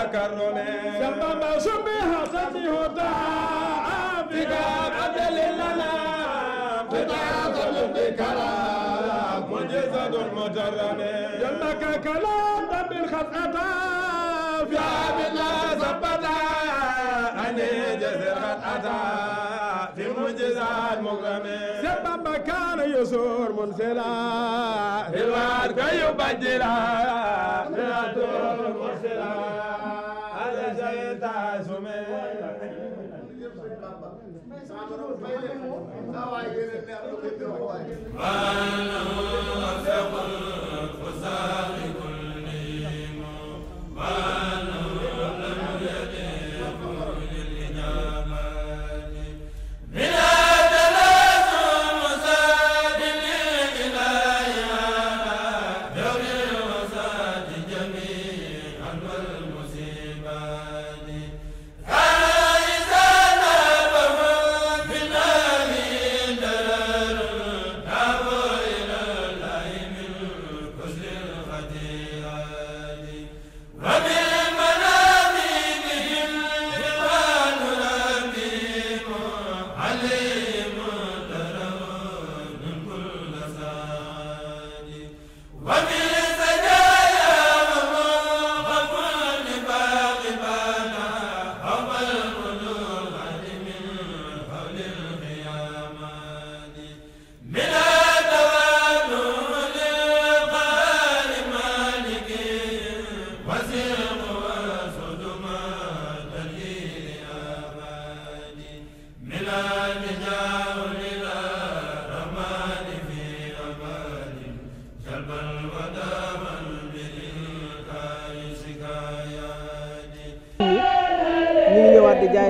jàkkaarloo leen jambamba sumbi hasati hota Afrika adele lana kuta tolumbi kala mujizatul mujarrame yalnaka kala tabir khasata ya bina zabata ane jazir khasata في المعجزات مغرمة سبب كان يسور منسلا الوار كيبدلا لا تور مرسلا laasume waa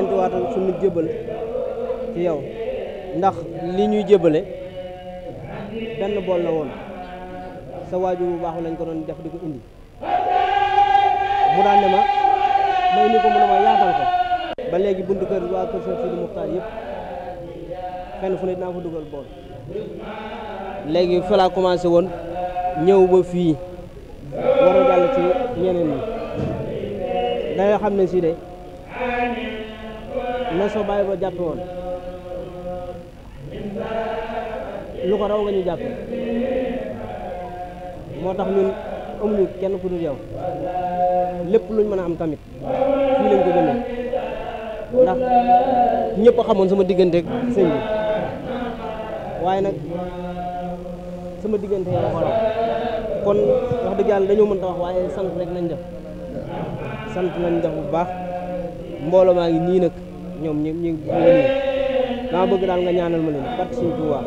fayantuwaatal suñu jëbal ci yow ndax li ñuy jëbale benn bool la woon sa waajur bu baax lañ ko doon def di ko indi mu daan ne ma may ni mu ne ma ko ba léegi buntu kër waa kër Cheikh Sidi Muxtaar yëpp fenn fu ne dinaa fa dugal bool léegi fa laa commencé woon ñëw ba fii war a ci ñeneen ñi da xam ne sii de la soo bàyyi ba jàppe woon lu ko raw nga jàpp moo tax ñun amuñu kenn ku dul yow lépp luñ mën a am tamit fii lañ ko jëmee ndax ñëpp a xamoon sama diggante ak sëñ bi waaye nag sama diggante yow ko raw kon wax dëgg yàlla dañoo mënta wax waaye sant rek nañ def sant nañ def bu baax mbooloo maa ngi nii nag ñoom ñu ñu ñu dama bëgg daal nga ñaanal ma leen barke Sëñ Tuubaa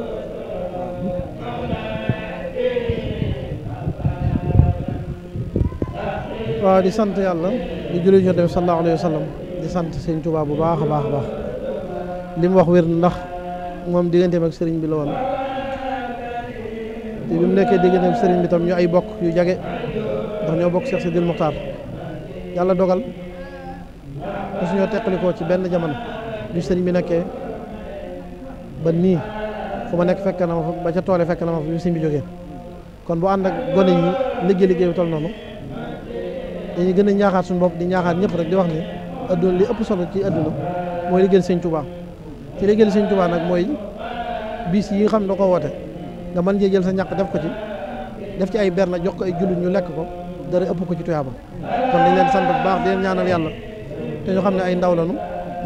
waaw di sant yàlla di julli Yonent bi sallallahu alayhi wa di sant Sëñ Tuubaa bu baax a baax a baax li mu wax wér ndax moom digganteem ak sëriñ bi la woon te bi mu nekkee digganteem sëriñ bi tam ñu ay bokk yu jage ndax ñoo bokk Cheikh Sidil Muxtaar yàlla dogal su mosuñoo teqalikoo ci benn jamono bi sëriñ bi nekkee ba nii fu ma nekk fekk na ma fa ba ca toole fekk na ma fa bi sëriñ jógee kon bu ànd ak gone yi liggéey liggéey bu toll noonu dañuy gën a ñaaxaat suñu bopp di ñaaxaat ñëpp rek di wax ni adduna li ëpp solo ci adduna mooy liggéeyal sëñ Tuubaa ci liggéeyal sëñ Tuubaa nag mooy biis yi nga xam ne ko woote nga mën jee jël sa ñàkk def ko ci def ci ay berna jox ko ay jullit ñu lekk ko dara ëpp ko ci tuyaaba kon dañ leen sant bu baax di leen yàlla te ñu xam ne ay ndaw lanu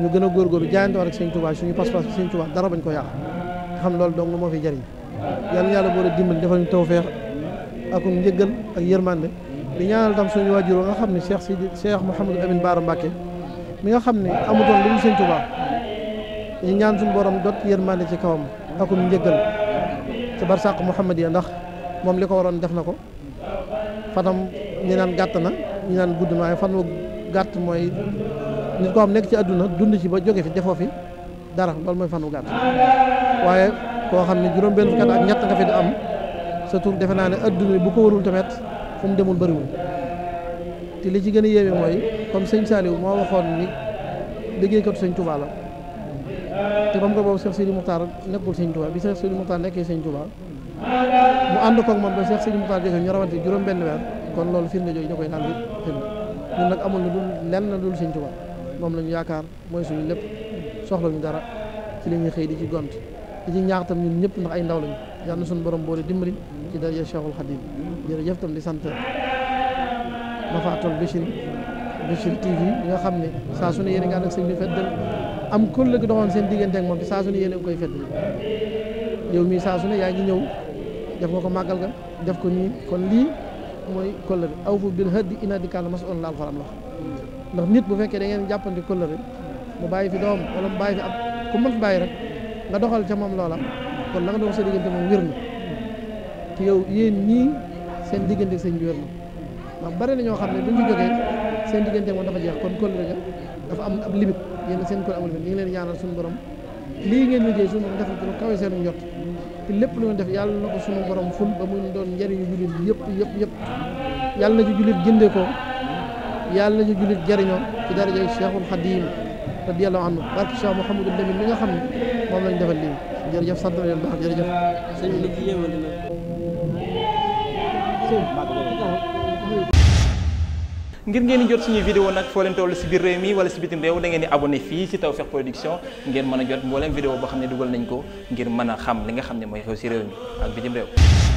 ñu gën a góorgóorlu jaayante woon ak sëñ Tuubaa suñu pas-pas bi sëñ Tuubaa dara bañ ko yàq nga xam loolu dong moo fi jëriñ yàlla yàlla boole dimbali defal ñu tawfeex ak njëggal ak yërmande di ñaanal tam suñu waajur nga xam ne Cheikh Sidi Cheikh Mouhamadou Amine Bara Mbacké mi nga xam ne amutoon lu ñu sëñ Tuubaa ñu ñaan suñu borom dot yërmande ci kawam ak um njëggal ci barsàq Mouhamad ya ndax moom li ko waroon def na ko fanam ñi naan gàtt na ñu naan gudd na fan wu gàtt mooy nit koo xam nekk ci àdduna dund ci ba jóge fi defoo fi dara loolu mooy fan wu gàtt waaye koo xam ne juróom benn fukki ak ñett nga fi di am sa tur defe naa ne àdduna bi bu ko warul tamit fu mu demul bëriwul te li ci gën a yéeme mooy comme sëñ Saliou moo waxoon ni liggéeykatu sëñ Touba la te bam ko boobu Cheikh Sidi Moukhtar nekkul sëñ Touba bi Cheikh Sidi Moukhtar nekkee sëñ Touba mu ànd koog moom ba Cheikh Sidi Moukhtar jóge ñu rawante juróom benn weer kon loolu firnde jooju ñoo koy naan bi firnde ñun nag amul na dul lenn na dul sëñ moom lañu yaakaar mooy suñu lépp soxla ñu dara ci li ñuy xëy di ci gont di ci ñaax tam ñun ñëpp ndax ay ndaw lañu yal na suñu borom boole dimbali ci daraja Cheikhul Khadim jërëjëf tam di sant Nafaatoul Bichri Bichri TV yi nga xam ne saa su ne yéen a ngi ànd ak sëñ bi feddal am kóllëre gi doxoon seen diggante moom te saa su ne yéen a ngi koy feddal yow mii saa su ne yaa ngi ñëw def nga ko màggal ga def ko nii kon lii mooy kóllëre aw fu bil hëdd inaa di kàlla mas on la ndax nit bu fekkee da ngeen jàppandi kóllëre mu bàyyi fi doom wala mu bàyyi fi ab ku mën fi bàyyi rek nga doxal ca moom loola kon la nga doon sa diggante moom wér na te yow yéen ñii seen diggante seen wér na ndax bari na ñoo xam ne buñ fi jógee seen diggante moom dafa jeex kon kóllëre dafa am ab limite yéen seen kóllëre amul limite ñu ngi leen ñaanal suñu borom lii ngeen liggéey suñu borom defal ko kawe seen njot te lépp lu ngeen def yàlla na ko suñu borom ful ba mu doon njëriñu jullit yëpp yëpp yëpp yàlla na ci jullit jëndee ko yàlla nañu jullit jëriñoo ci daraja Cheikhul Xadim radiyallahu anhu barke Cheikh Mouhamadou Lamine mi nga xam ne moom lañ defal lii jërëjëf sant na leen baax jërëjëf sëñ bi ci ngir ngeen jot suñuy vidéo nag foo leen toll si biir réew mi wala si bitim réew dangeen di abonné fii si Tawfekh Production ngeen mën a jot mbooleem vidéo boo xam ne dugal nañ ko ngir mën a xam li nga xam ne mooy xew si réew mi ak bitim réew